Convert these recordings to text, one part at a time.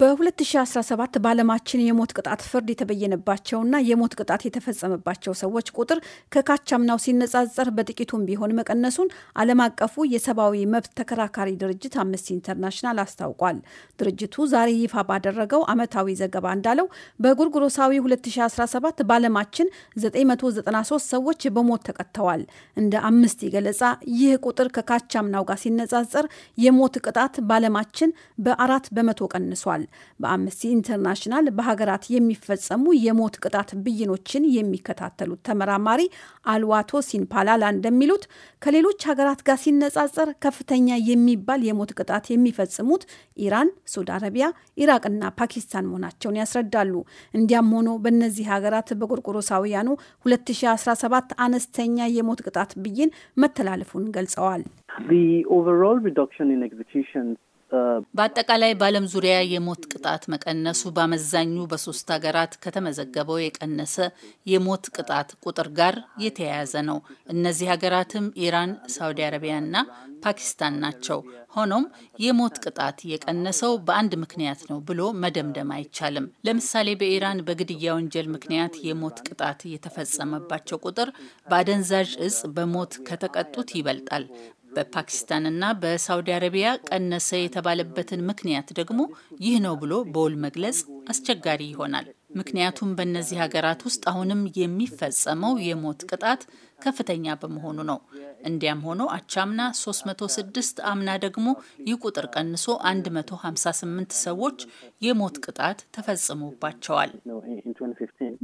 በ2017 በዓለማችን የሞት ቅጣት ፍርድ የተበየነባቸውና የሞት ቅጣት የተፈጸመባቸው ሰዎች ቁጥር ከካቻምናው ሲነጻጸር በጥቂቱም ቢሆን መቀነሱን ዓለም አቀፉ የሰብአዊ መብት ተከራካሪ ድርጅት አምነስቲ ኢንተርናሽናል አስታውቋል። ድርጅቱ ዛሬ ይፋ ባደረገው ዓመታዊ ዘገባ እንዳለው በጉርጉሮሳዊ 2017 በዓለማችን 993 ሰዎች በሞት ተቀጥተዋል። እንደ አምነስቲ ገለጻ ይህ ቁጥር ከካቻምናው ጋር ሲነጻጸር የሞት ቅጣት በዓለማችን በአራት በመቶ ቀንሷል። ገልጸዋል። በአምነስቲ ኢንተርናሽናል በሀገራት የሚፈጸሙ የሞት ቅጣት ብይኖችን የሚከታተሉት ተመራማሪ አልዋቶ ሲንፓላላ እንደሚሉት ከሌሎች ሀገራት ጋር ሲነጻጸር ከፍተኛ የሚባል የሞት ቅጣት የሚፈጽሙት ኢራን፣ ሳውዲ አረቢያ፣ ኢራቅና ፓኪስታን መሆናቸውን ያስረዳሉ። እንዲያም ሆኖ በእነዚህ ሀገራት በጎርጎሮሳውያኑ 2017 አነስተኛ የሞት ቅጣት ብይን መተላለፉን ገልጸዋል። በአጠቃላይ በዓለም ዙሪያ የሞት ቅጣት መቀነሱ በአመዛኙ በሶስት ሀገራት ከተመዘገበው የቀነሰ የሞት ቅጣት ቁጥር ጋር የተያያዘ ነው። እነዚህ ሀገራትም ኢራን፣ ሳውዲ አረቢያና ፓኪስታን ናቸው። ሆኖም የሞት ቅጣት የቀነሰው በአንድ ምክንያት ነው ብሎ መደምደም አይቻልም። ለምሳሌ በኢራን በግድያ ወንጀል ምክንያት የሞት ቅጣት የተፈጸመባቸው ቁጥር በአደንዛዥ እጽ በሞት ከተቀጡት ይበልጣል። በፓኪስታንና በሳውዲ አረቢያ ቀነሰ የተባለበትን ምክንያት ደግሞ ይህ ነው ብሎ በውል መግለጽ አስቸጋሪ ይሆናል። ምክንያቱም በእነዚህ ሀገራት ውስጥ አሁንም የሚፈጸመው የሞት ቅጣት ከፍተኛ በመሆኑ ነው። እንዲያም ሆኖ አቻምና 306 አምና ደግሞ ይህ ቁጥር ቀንሶ 158 ሰዎች የሞት ቅጣት ተፈጽሞባቸዋል።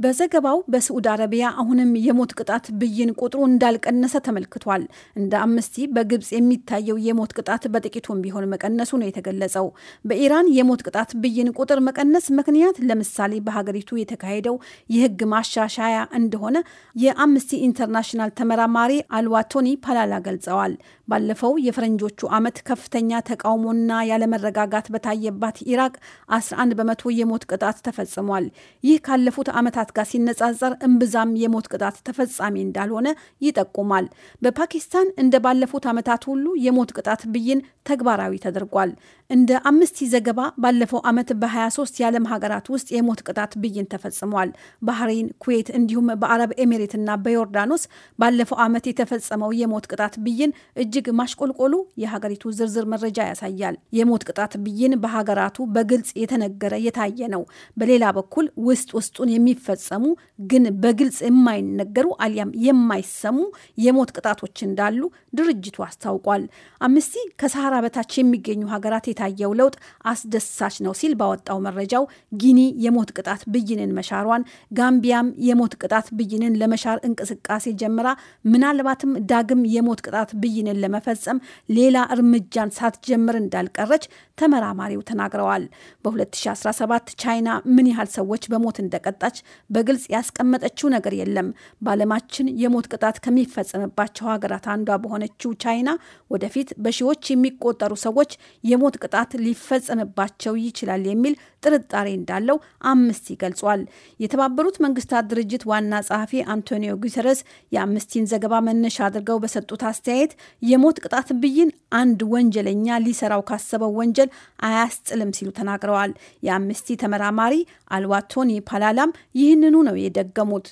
በዘገባው በስዑድ አረቢያ አሁንም የሞት ቅጣት ብይን ቁጥሩ እንዳልቀነሰ ተመልክቷል። እንደ አምስቲ በግብጽ የሚታየው የሞት ቅጣት በጥቂቱም ቢሆን መቀነሱ ነው የተገለጸው። በኢራን የሞት ቅጣት ብይን ቁጥር መቀነስ ምክንያት ለምሳሌ በሀገሪ በሀገሪቱ የተካሄደው የህግ ማሻሻያ እንደሆነ የአምነስቲ ኢንተርናሽናል ተመራማሪ አልዋቶኒ ፓላላ ገልጸዋል። ባለፈው የፈረንጆቹ ዓመት ከፍተኛ ተቃውሞና ያለመረጋጋት በታየባት ኢራቅ 11 በመቶ የሞት ቅጣት ተፈጽሟል። ይህ ካለፉት ዓመታት ጋር ሲነጻጸር እምብዛም የሞት ቅጣት ተፈጻሚ እንዳልሆነ ይጠቁማል። በፓኪስታን እንደ ባለፉት ዓመታት ሁሉ የሞት ቅጣት ብይን ተግባራዊ ተደርጓል። እንደ አምነስቲ ዘገባ ባለፈው ዓመት በ23 የዓለም ሀገራት ውስጥ የሞት ቅጣት ብይን ተፈጽሟል። ባህሬን፣ ኩዌት እንዲሁም በአረብ ኤሚሬትና በዮርዳኖስ ባለፈው ዓመት የተፈጸመው የሞት ቅጣት ብይን እጅግ ማሽቆልቆሉ የሀገሪቱ ዝርዝር መረጃ ያሳያል። የሞት ቅጣት ብይን በሀገራቱ በግልጽ የተነገረ የታየ ነው። በሌላ በኩል ውስጥ ውስጡን የሚፈጸሙ ግን በግልጽ የማይነገሩ አሊያም የማይሰሙ የሞት ቅጣቶች እንዳሉ ድርጅቱ አስታውቋል። አምስቲ ከሰሃራ በታች የሚገኙ ሀገራት የታየው ለውጥ አስደሳች ነው ሲል ባወጣው መረጃው ጊኒ የሞት ቅጣት ብይንን መሻሯን፣ ጋምቢያም የሞት ቅጣት ብይንን ለመሻር እንቅስቃሴ ጀምራ ምናልባትም ዳግም የሞት ቅጣት ብይንን ለመፈጸም ሌላ እርምጃን ሳትጀምር እንዳልቀረች ተመራማሪው ተናግረዋል። በ2017 ቻይና ምን ያህል ሰዎች በሞት እንደቀጣች በግልጽ ያስቀመጠችው ነገር የለም። በዓለማችን የሞት ቅጣት ከሚፈጸምባቸው ሀገራት አንዷ በሆነችው ቻይና ወደፊት በሺዎች የሚቆጠሩ ሰዎች የሞት ቅጣት ሊፈጸምባቸው ይችላል የሚል ጥርጣሬ እንዳለው አምስት ይገል ገልጿል። የተባበሩት መንግስታት ድርጅት ዋና ጸሐፊ አንቶኒዮ ጉተረስ የአምነስቲን ዘገባ መነሻ አድርገው በሰጡት አስተያየት የሞት ቅጣት ብይን አንድ ወንጀለኛ ሊሰራው ካሰበው ወንጀል አያስጥልም ሲሉ ተናግረዋል። የአምነስቲ ተመራማሪ አልዋቶኒ ፓላላም ይህንኑ ነው የደገሙት።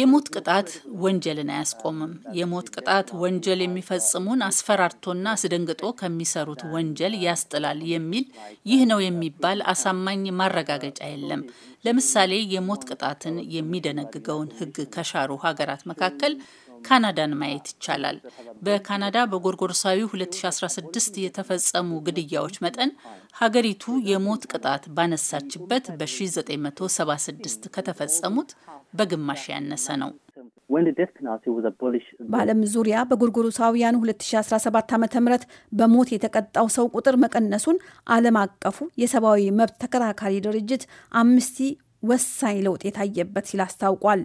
የሞት ቅጣት ወንጀልን አያስቆምም። የሞት ቅጣት ወንጀል የሚፈጽሙን አስፈራርቶና አስደንግጦ ከሚሰሩት ወንጀል ያስጥላል የሚል ይህ ነው የሚባል አሳማኝ ማረጋገጫ የለም። ለምሳሌ የሞት ቅጣትን የሚደነግገውን ሕግ ከሻሩ ሀገራት መካከል ካናዳን ማየት ይቻላል። በካናዳ በጎርጎርሳዊ 2016 የተፈጸሙ ግድያዎች መጠን ሀገሪቱ የሞት ቅጣት ባነሳችበት በ1976 ከተፈጸሙት በግማሽ ያነሰ ነው። በዓለም ዙሪያ በጎርጎሮሳውያኑ 2017 ዓ ም በሞት የተቀጣው ሰው ቁጥር መቀነሱን ዓለም አቀፉ የሰብአዊ መብት ተከራካሪ ድርጅት አምስቲ ወሳኝ ለውጥ የታየበት ሲል አስታውቋል።